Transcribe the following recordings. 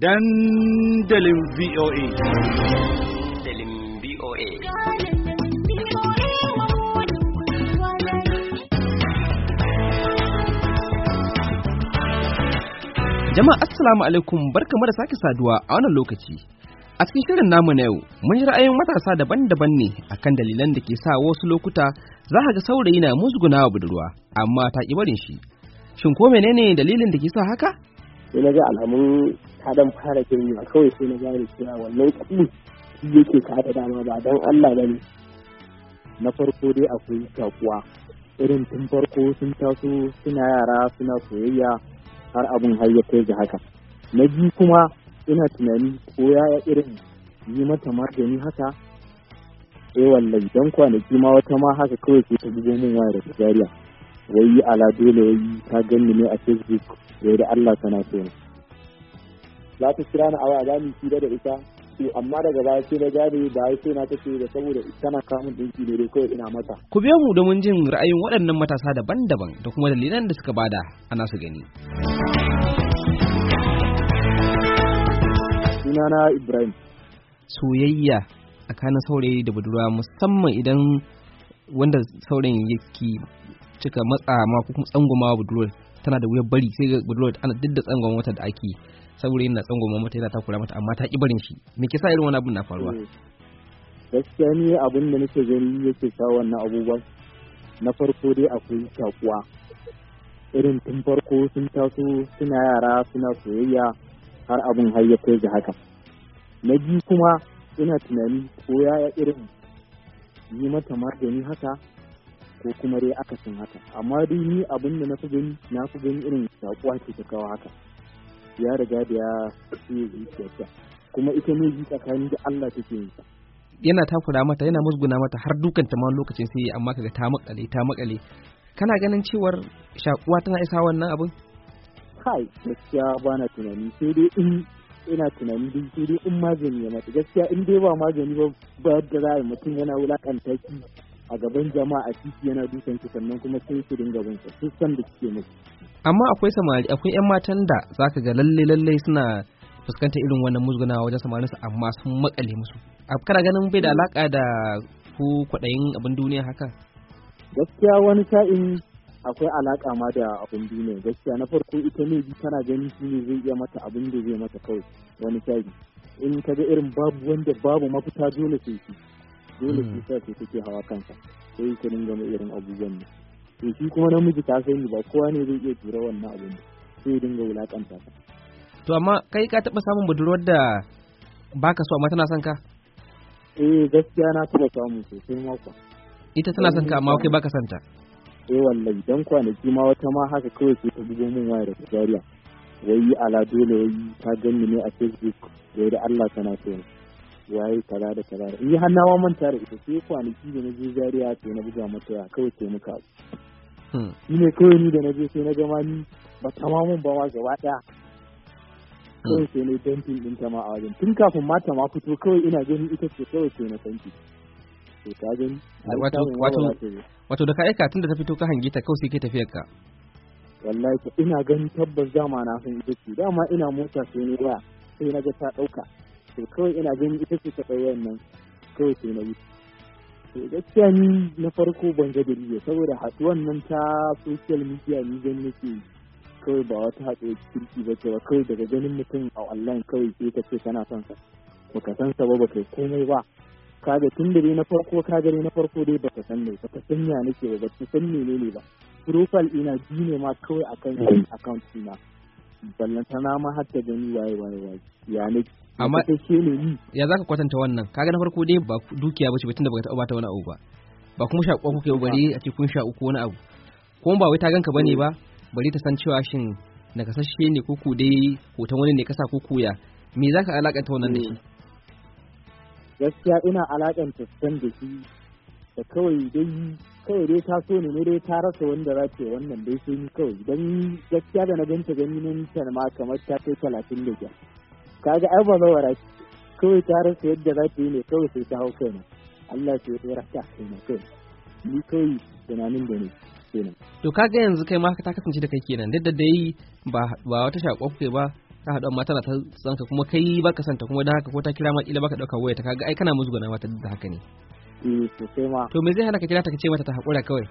dandalin VOA. Dandalin VOA. Jama'a Assalamu alaikum barkamu da sake saduwa a wannan lokaci. A cikin shirin namu na yau, mun yi ra'ayin matasa daban-daban ne akan dalilan da ke sa wasu lokuta za ga saurayi na wa budurwa, amma ta ƙi barin shi. Shin ko menene dalilin da ke sa haka? Ina ga ta dan fara girma kawai sai na gane cewa wannan kudi shi yake kada dama ba don Allah ba na farko dai akwai takuwa irin tun farko sun taso suna yara suna soyayya har abin har ya kai ga haka na biyu kuma ina tunani ko ya irin yi mata magani haka eh wallahi dan kwanaki ma wata ma haka kawai sai ta bugo min waya da tijariya wai ala dole wai ta ganni ne a facebook wai da Allah tana so za ta kira ni awa, za mu hira da ita to amma daga baya sai na gane da ai sai na tace da saboda tana kamun dinki ne dai ina mata ku biyo mu domin jin ra'ayin waɗannan matasa daban-daban da kuma dalilan da suka bada ana su gani sunana Ibrahim soyayya tsakanin saurayi da budurwa musamman idan wanda saurayin yake cika matsa ma ko kuma tsangwama budurwar tana da wuyar bari sai budurwar ana duk da tsangwama wata da ake saurayin na tsangoma mata yana takura mata amma ta ki shi me kisa irin wani abin na faruwa eh, gaskiya ni abin da nake gani yake sa wannan abubuwa na farko dai akwai shakuwa irin tun farko sun taso suna yara suna soyayya har abin har ya kai haka na biyu kuma ina tunani ko ya irin yi mata magani haka ko kuma dai akasin haka amma dai ni abin da na fi gani irin shakuwa ke ta kawo haka ya riga da ya tsaye zuciyarta kuma ita ne ji tsakanin da Allah take yin sa yana takura mata yana musguna mata har dukan ta ma lokacin sai amma kaga ta makale ta makale kana ganin cewar shakuwa tana isa wannan abin kai gaskiya ba na tunani sai dai in ina tunani din sai dai in magani ya mata gaskiya in dai ba magani ba ba da za mutum yana wulakanta ki a gaban jama'a titi yana dukan ki sannan kuma sai ki dinga bin sa san da kike musu amma akwai samari akwai yan matan da zaka ga lalle lalle suna fuskantar irin wannan musgunawa wajen su amma sun makale musu kana ganin bai da alaka da ko kwaɗayin abin duniya haka gaskiya wani sa'in akwai alaka ma da abin duniya gaskiya na farko ita ne bi tana gani shi ne zai iya mata abin da zai mata kawai wani sa'in in ka ga irin babu wanda babu mafita dole sai shi dole sai mm. sa sai take hawa kansa sai ka dinga mai irin abubuwan ne to shi kuma namiji ta sani ba kowa ne zai iya tura wannan abin sai dinga wulakanta ka to amma kai ka taba samun budurwar da baka so amma tana son ka eh gaskiya na taba samu sosai mako ita tana son ka amma kai baka son ta eh wallahi dan kwanaki ma wata ma haka kawai sai ta bugo min waya da tsariya wai ala dole wai ta ganni ne a facebook da da Allah tana so ne waye kaza da kaza in har na manta da ita sai kwanaki da na je zariya sai na buga mata kawai muka shi ne kawai ni da na je sai na gama ni ba tamamun ba ma gaba daya kawai sai na tantin ɗin ta ma a wajen tun kafin ma ta ma fito kawai ina ganin ita ce kawai sai na tantin to ta gani wato da ka aika tun da ta fito ka hangi ta kawai sai ke tafiyar ka wallahi ta ina ganin tabbas dama na san ita ce dama ina mota sai ne waya sai na ga ta ɗauka to kawai ina ganin ita ce ta tsaye nan kawai sai na wuce gaskiya ni na farko ban ga dalili saboda haɗuwan nan ta social media ni gan nake kawai ba wata haɗuwar kirki ba ce ba kawai daga ganin mutum a online kawai sai ka ce kana son sa baka san sa ba baka komai ba kaga tun da na farko kaga dai na farko dai baka san ne baka san ya nake ba baka san menene ba profile ina biyu ma kawai akan mm. account ina ballan ta na ma har gani waye waye waye ya nake amma ya za ka kwatanta wannan kaga na farko dai ba dukiya bace ba tunda baka taɓa ta wani abu ba ba kuma sha ko kai bari a cikin sha uku wani abu kuma ba wai ta ganka bane ba bari ta san cewa shin kasashe ne ko ku dai ko ta wani ne kasa ko kuya me za alaka alakanta wannan da shi gaskiya ina alakanta san da shi da kawai dai kawai dai ta so ne dai ta rasa wanda za ta wannan dai sai ni kawai don gaskiya da na ganta ganin nan ta ma kamar ta kai talatin da biyar kaga ai ba zawara kawai ta rasa yadda za ta yi ne kawai sai ta hau kaina Allah ya ya rasa kaina kai ni kai tunanin da ne kenan to kaga yanzu kai ma ta kasance da kai kenan duk da dai ba ba wata shakwa kai ba ka haɗu amma tana ta sanka kuma kai baka santa kuma dan haka ko ta kira ma kila baka ɗauka waya ta kaga ai kana gona mata da haka ne eh ma to me zai hana ka kira ta kace mata ta haƙura kawai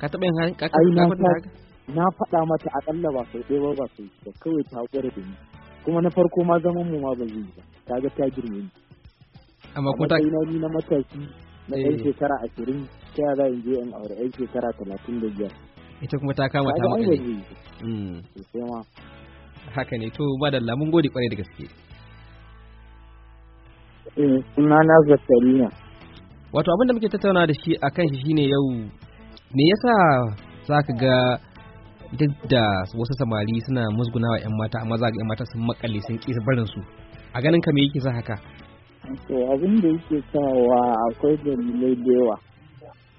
ka taɓa yin ka ka faɗa mata akalla ba sai ɗaya ba ba sai kawai ta haƙura da ni kuma na farko ma zaman mu ma ba zai yi ba kaga ta girme ni amma ko ta ni na matashi na ɗan eh. shekara ashirin ta yara in je in aure ɗan shekara talatin da biyar ita kuma ta kama ta maka ne hmm. haka ne to madalla mun gode kwarai da gaske Ina eh, na na zakarina wato abinda muke tattauna da shi a kan shi shine yau me yasa za ka ga duk da wasu samari suna musguna wa 'yan mata amma za ga 'yan mata sun makale sun ƙi barin su a ganin ka me yake sa haka to abin da yake sawa akwai dalilai da yawa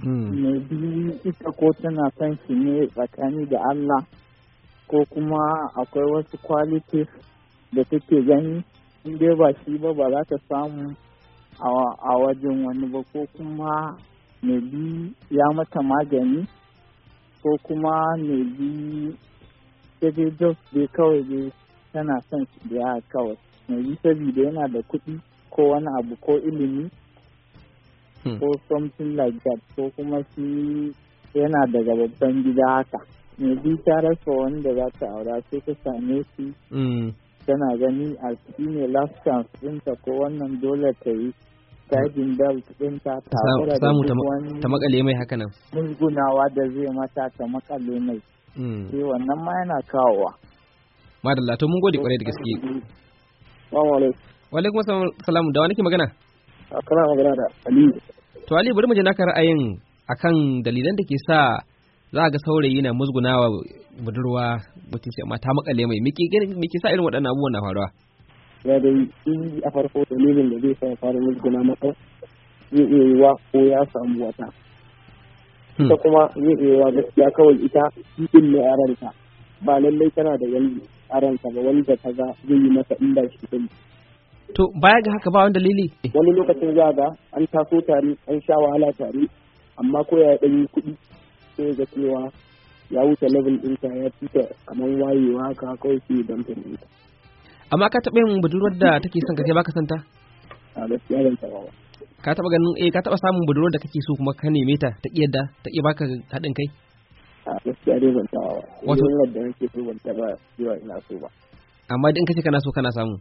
hmm. me biyu ita ko tana son shi ne tsakani da Allah ko kuma akwai wasu kwalite da take gani in dai ba shi ba ba za ta samu a wajen wani ba ko kuma me biyu ya mata magani ko kuma bi daidai jos dai kawai dai tana son su biya kawai bi saboda yana da kuɗi ko wani abu ko ilimi hmm. ko something like that ko kuma shi yana daga babban gida haka mai bi ta rasa wanda za ta aura sai ta same shi hmm. tana gani a shi ne last chance ɗinta ko wannan dole ta yi guiding belt ɗinta tare da ta makale mai haka nan musgunawa da zai mata ta makale mai hmm. sai wannan ma yana kawowa madalla to mun gode kwarai da gaske wa alaikum salamu da wani ke magana a kana magana da ali to ali bari mu ji naka ra'ayin akan dalilan da ke sa za ga saurayi na musgunawa budurwa mutum sai amma ta makale mai ke sa irin waɗannan abubuwan na faruwa ya dai shi a farko dalilin da zai sa ya fara musguna mata zai iya yi wa ko ya samu wata Ta hmm. kuma zai iya yi wa gaskiya kawai ita cikin ne a ba lallai tana da wani aranta ga ba wanda ta ga zai yi mata inda shi din to baya ga haka ba wani dalili wani lokacin za ga an taso tare an sha wahala tare amma ko ya ɗanyi kuɗi sai ga cewa ya wuce level ɗinka ya fita kamar wayewa ka kawai sai damta amma ka taɓa yin budurwar da take son ka kai baka santa a gaskiya ban taɓa ba ka taɓa ganin eh ka taɓa samun budurwar da kake so kuma ka neme ta ta iya da ta iya baka haɗin kai a gaskiya dai ban taɓa ba wato da nake so ban taɓa zuwa ina so ba amma idan kace kana so kana samu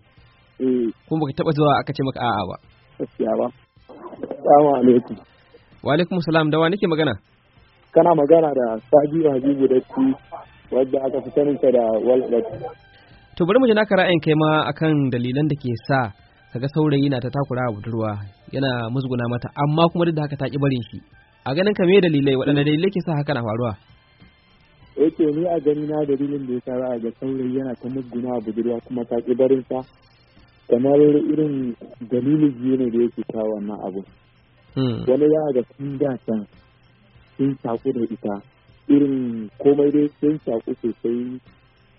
eh kuma baka taɓa zuwa aka ce maka a'a ba gaskiya ba assalamu alaikum wa alaikum salam da wa nake magana kana magana da Sabiu Habibu Datti wadda aka fi saninta da Walbat to bari mu ji naka ra'ayin kai ma akan dalilan da ke sa kaga saurayi na ta takura a budurwa yana musguna mata amma kuma duk da haka ta ki barin shi a ganin ka me dalilai waɗanne dalilai ke sa haka na faruwa yake eh ni a gani na dalilin da ya sa ra'a ga saurayi yana ta musguna a budurwa kuma ta ki barin sa kamar irin dalilin biyu ne da yake kawo wannan abu hmm. wani ya ga sun da san sun saku da ita irin komai dai sun saku sosai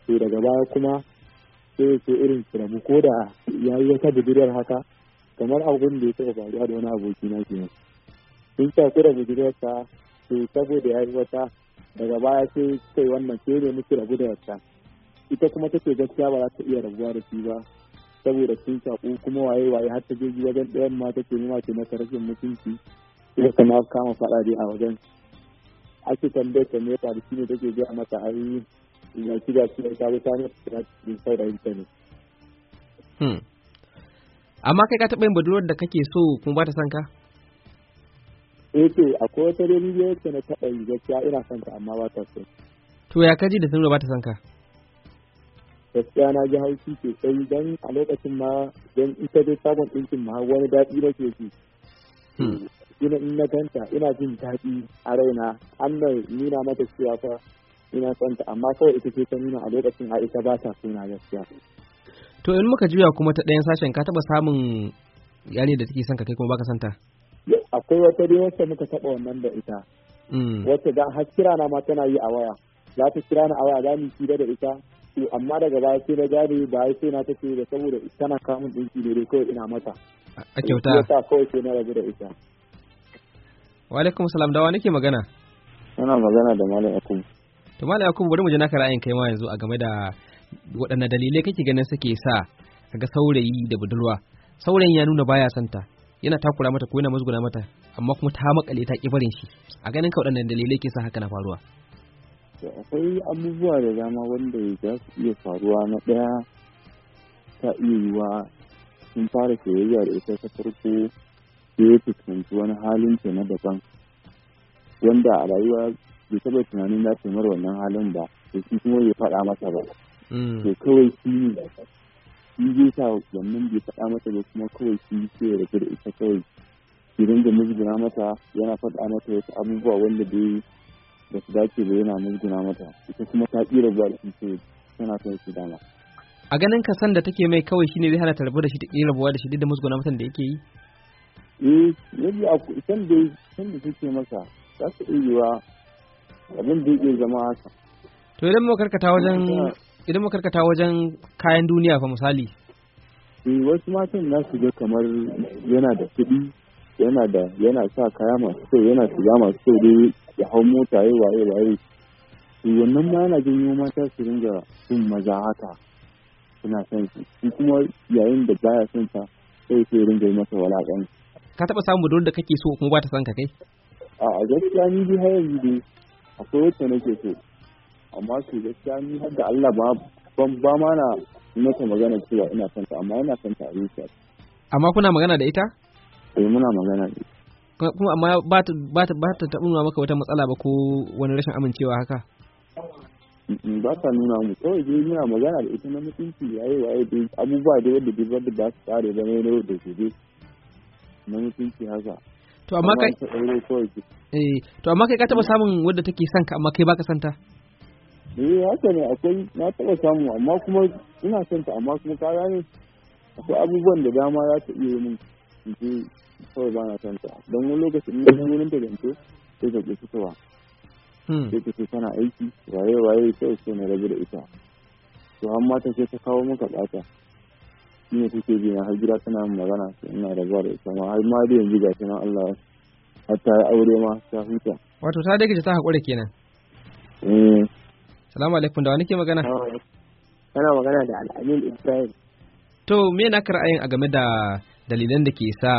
to daga baya kuma sai ce irin su ko da ya yi wata bidirar haka kamar abin da ya taɓa faruwa da wani aboki na ke sun sa su rabu sai saboda ya yi wata daga baya sai kai wannan sai ne muke rabu da yarta ita kuma take gaskiya ba za ta iya rabuwa da shi ba saboda sun shaƙu kuma waye waye har ta je wajen ɗayan ma take nuna ce masa rashin mutunci ita kuma kama faɗa dai a wajen ake tambayar ta me ya da shi ne take a mata ayoyi in kiga su da shago ta hanyar da cikin sau da intanet. Hmm. Amma kai ka taɓa yin budurwar da kake so kuma ba ta son ka? Eh to akwai wata rediyo wacce na taɓa yi gaskiya ina son ta amma ba ta so. To ya kaji da sun ba ta son ka? gaskiya na ji haushi sai don a lokacin ma don ita dai sabon ɗinkin ma wani daɗi na ke ji. Hmm. Ina in na ganta ina jin daɗi a raina an nuna mata cewa fa ina son ta amma kawai ita ce ta nuna a lokacin a ita ba ta suna gaskiya to in muka juya kuma ta ɗayan sashen ka taɓa samun yare da take son ka kai kuma baka santa akwai wata dai wacce muka taɓa wannan da ita mm. wacce da har kira na ma tana yi a waya za ta kira na a waya za mu yi da ita to amma daga baya sai na gane ba ai sai na take da saboda tana kamun dinki ne dai kawai ina mata a kyauta ya ta kawai sai na rabu da ita wa alaikum salam dawa nake magana Ina magana da malam akum to ya kuma bari mu ji naka ra'ayin kai ma yanzu a game da waɗanne dalilai kake ganin suke sa kaga saurayi da budurwa saurayin ya nuna baya santa yana takura mata ko yana musguna mata amma kuma ta makale ta ki barin shi a ganin ka waɗannan dalilai ke sa haka na faruwa akwai abubuwa da dama wanda ya su iya faruwa na daya ta iya yiwa sun fara soyayya da ita ta farko sai ya fuskanci wani halin ta na daban wanda a rayuwa bai taɓa tunanin za ta mara wannan halin ba to shi kuma bai faɗa mata ba mm. to kawai shi ne shi zai sa wannan bai faɗa mata ba kuma kawai shi sai ya rage da ita kawai shi dinga musguna mata yana faɗa mata wasu abubuwa wanda bai da su dace ba yana musguna mata ita kuma ta tsira zuwa da shi tana son shi dama a ganin ka san da take mai kawai shine zai hana ta rabu da shi ta ƙi rabuwa da shi duk da musguna mata da yake yi eh yanzu a san da san da take masa za su iya abin da yake zama haka to idan mu karkata wajen idan mu karkata wajen kayan duniya fa misali eh wasu matan na su ga kamar yana da kuɗi yana da yana sa kaya masu kyau yana shiga masu kyau dai ya hau mota yayi waye waye to wannan ma yana janyo mata su ringa sun maza haka suna son shi shi kuma yayin da baya son ta sai sai ringa yi masa walakan ka taɓa samun budurwar da kake so kuma ba ta son ka kai a gaskiya ni dai har yanzu dai akwai wacce nake so amma su gaskiya ni har da Allah ba ban ba ma na mata magana cewa ina son ta amma ina son ta a zuciya amma kuna magana da ita eh muna magana da ita kuma amma ba ta ba ta ba ta nuna maka wata matsala ba ko wani rashin amincewa haka ba ta nuna mu kawai dai muna magana da ita na mutunci yayi waye dai abubuwa dai wanda dai ba su tsare ba ne da gobe na mutunci haka to amma kai eh to amma kai ka taba samun wadda take son ka amma kai baka son ta eh haka ne akwai na taba samu amma kuma ina son ta amma kuma ka gane akwai abubuwan da dama za ta iya min in ji kawai ba na son ta don wani lokaci in ga wurin da gante sai ta ƙi fitowa hmm. sai ta ce tana aiki waye waye sai sai na rabu da ita to amma ta ce ta kawo maka ɓata shi ne kuke bi na har gida tana magana ina da zuwa da ita ma har ma dai yanzu gashi nan Allah har ta aure ma ta huta wato ta dage ta hakura kenan eh salamu alaikum da wani ke magana kana magana da al'amin Ibrahim to me na ra'ayin a game da dalilan da ke sa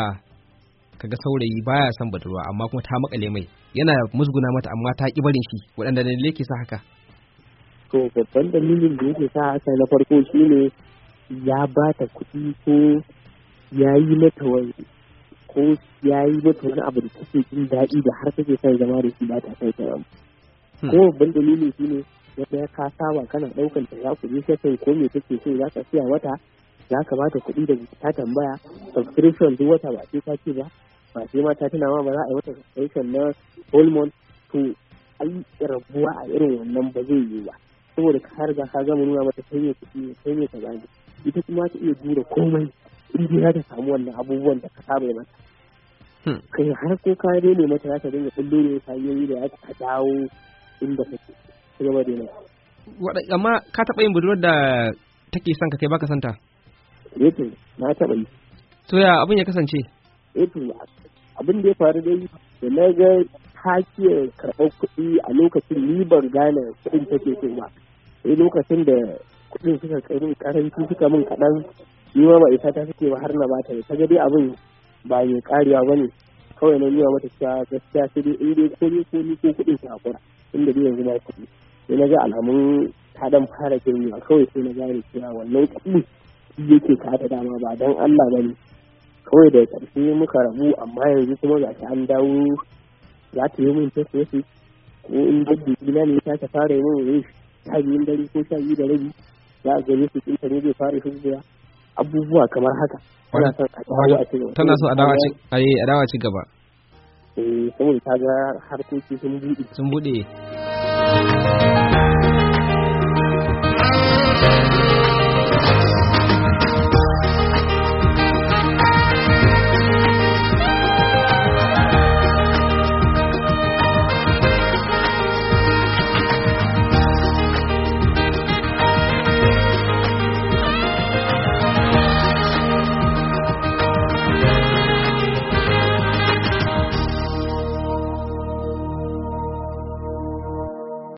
kaga saurayi baya son budurwa amma kuma ta makale mai yana musguna mata amma ta ki barin shi waɗanda dalilai ke sa haka to babban dalilin da yake sa haka na farko shine ya ba ta kuɗi ko ya yi mata wani ko ya yi mata wani abu da take jin daɗi da har take son zama da shi ba ta kai ta hmm. ko babban dalili shi ne ya ka saba kana ɗaukan ta ya kuɗi sai kai ko me take so za ka siya wata ya kamata kuɗi da ta tambaya subscription duk wata ba sai ta ce ba ba sai ma ta tana ma ba za a yi wata subscription na holmon to ai rabuwa a irin wannan ba zai yi ba saboda ka harga ka gama nuna mata sai sai ne ka gani ita kuma ta iya jure komai in dai za ta samu wannan abubuwan da ka saba mata hmm. kai har ko ka ne mata za ta dinga kullum ne ta yi da ya ta dawo inda take ta gaba da amma ka taɓa yin budurwar da take son ka kai baka santa eto eh na taɓa yi to ya abin ya kasance eto eh abin da ya faru dai da na ga hakiyar karɓar kuɗi a lokacin ni ban gane kuɗin take so ba sai lokacin da kuɗin suka tsere karanci suka min kaɗan ni ma ba isa ta suke ba har na bata ne kaga dai abin ba mai karewa ba ne kawai na nuna mata cewa gaskiya sai dai in dai ko ko ni ko kuɗin su kura inda dai yanzu ba kuɗi sai na ga alamun ta dan fara girma kawai sai na gane cewa wannan kuɗi yake ka ta dama ba dan Allah ba ne kawai da ƙarshe muka rabu amma yanzu kuma ga an dawo za ta yi min tafiye ko in dabbi na ne ta fara yi min wani ta biyun dare ko sha biyu da rabi za a gare su kinta da fari fara hujja abubuwa kamar haka tana so a dawo a gaba. tana son a dawo a eh saboda ta ga harkoki sun buɗe sun buɗe